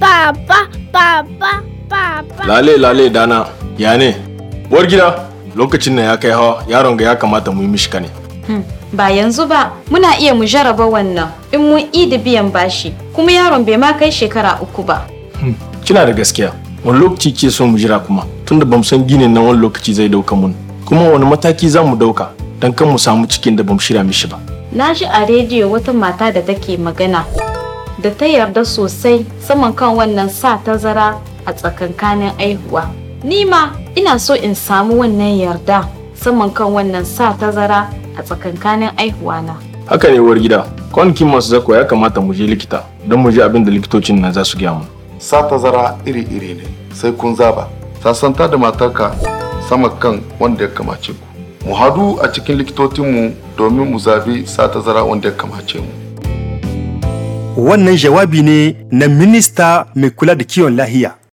Baba, baba, baba. Lale, lale, dana, ya ne? Buwar gida, lokacin na ya kai hawa, yaron ga ya kamata mu yi mishi kane. Hmm, ba yanzu ba, muna iya mu jaraba wannan in mun da biyan bashi, kuma yaron bai ma kai shekara uku ba. Hmm, kina da gaskiya, wani lokaci ke so mu jira kuma, tunda bamu san ginin na wani lokaci zai dauka mun. Kuma wani mataki za mu dauka don kan mu samu cikin da bamu shirya mishi ba. Na ji a rediyo wata mata da take magana. da ta yarda sosai saman kan wannan sa tazara a tsakankanin aihuwa. Ni ma ina so in samu wannan yarda saman kan wannan sa tazara a tsakankanin aihuwa na. Haka ne war gida, kwanakin masu zakwa ya kamata mu je likita don mu abinda abin da likitocin na za su gaya mu. Sa tazara iri-iri ne, sai kun zaba. Sasanta da matarka sama kan wanda ya kamace ku. Mu hadu a cikin likitocinmu domin mu zabi sa tazara wanda ya kamace mu. wannan jawabi ne na minista mai kula da kiwon lahiya